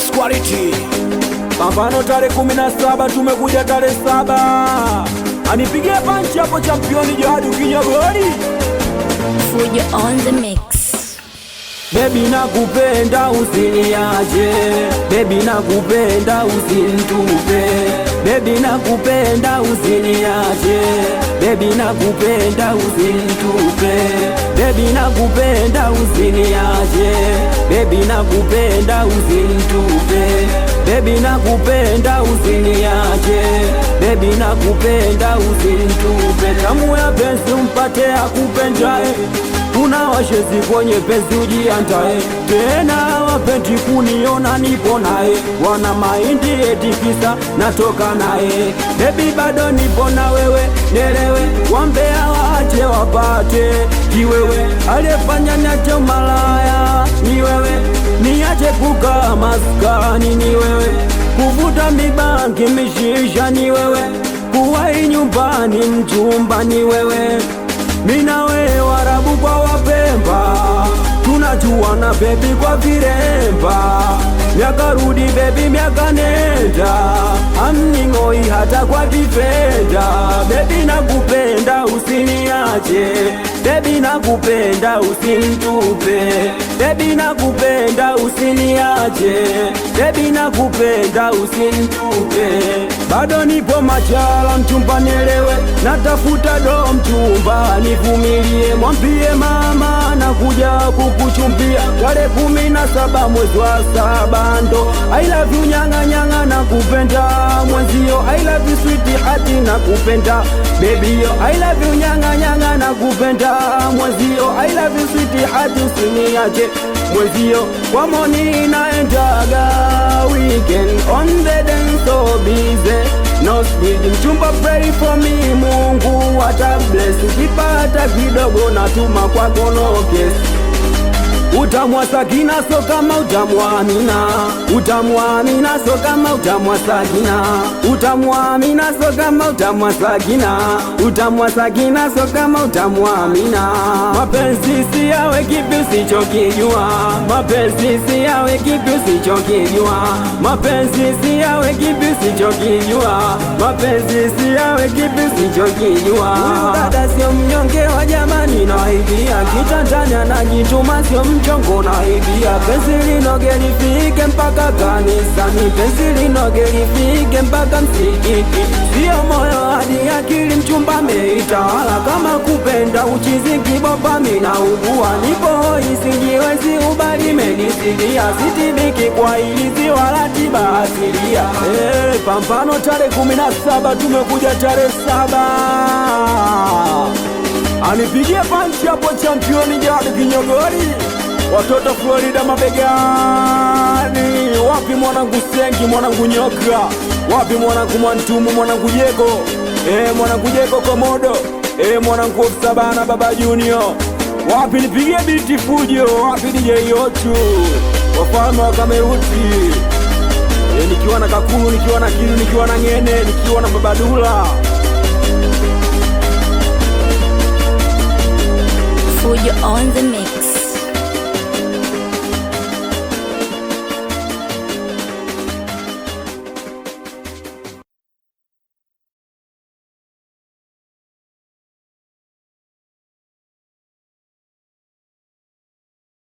Best quality. Mapambano tarehe kumi na saba tumekuja tarehe saba anipigie panchi hapo championi Jadu Kinyagori. Fujo on the mix. Baby nakupenda usiniache, Baby nakupenda usinitupe, Baby nakupenda usiniache, Baby nakupenda usinitupe, Baby nakupenda usiniache, Baby nakupenda usinitupe, Baby nakupenda usiniache, Baby nakupenda usinitupe Damu ya penzi umpate una washezi kwenye penzi ujiandaye. Tena wapendi kuniona nipo naye, wana mahindi eti kisa natoka naye. Bebi bado nipo na wewe, nelewe wambea waache wapate kiwewe. alefanya nacho malaya ni wewe, niache kukaa maskani ni wewe, kuvuta mibangi mishisha ni wewe kuwai nyumbani, mjumba ni wewe, minawe warabu kwa Wapemba, tunajua na bebi kwa viremba. Miaka rudi bebi, miaka nenda, amning'oi hata kwa vipenda Bebi nakupenda usini niache bebi, nakupenda usinitupe bebi, nakupenda usiniache bebi, nakupenda usinitupe bado nipo machala, mchumba nielewe, natafuta do mchumba nivumilie, mwambie mama nakuja kukuchumbia tarehe kumi na saba mwezi wa saba ndo I love you nyanga nyanga na kupenda mwenzio I love you sweet hati na kupenda baby yo I love you nyanga nyanga na kupenda mwenzio I love you sweet hati sini usiniache mwenzio kwa moni inaendaga weekend on the dance so busy no speaking chumba pray for me Ukipata kidogo natuma kwako no case utamwa Sagina so kama utamwa Amina, utamwa Amina so kama utamwa Sagina, utamwa Amina so kama utamwa Sagina, utamwa Sagina so kama utamwa Amina. Mapenzi si yawe kipi usichokijua, mapenzi si yawe kipi usichokijua, mapenzi si yawe kipi usichokijua, mapenzi si yawe kipi usichokijua. Dada sio mnyonge wa jamani, nawaibia kitandani, anajituma sio mchongo na ibia, penzi linoge mpaka kanisani, penzi linoge mpaka msikiti, sio moyo hadi akili, mchumba ameitawala. Kama kupenda uchizi, kibopa mina ugua, nipo hoi, sijiwezi, ubali menisidia, sitibiki kwa ilizi wala tiba asilia. Hey, pambano tarehe kumi na saba tumekuja tarehe saba Anipigie panchi hapo championi Jadi Kinyogori watoto Florida mabegani. Wapi mwanangu Sengi, mwanangu Nyoka, wapi mwanangu Mwantumu, mwanangu Jego, eh, mwanangu Jego Komodo, eh, mwanangu Sabana, Baba Junior, wapi nipigie biti fujo, wapi DJ Yotu, wafalme wa Kameuti, eh, nikiwa na Kakulu, nikiwa na Kilu, nikiwa na Ng'ene, nikiwa na Babadula Fujo on the mix.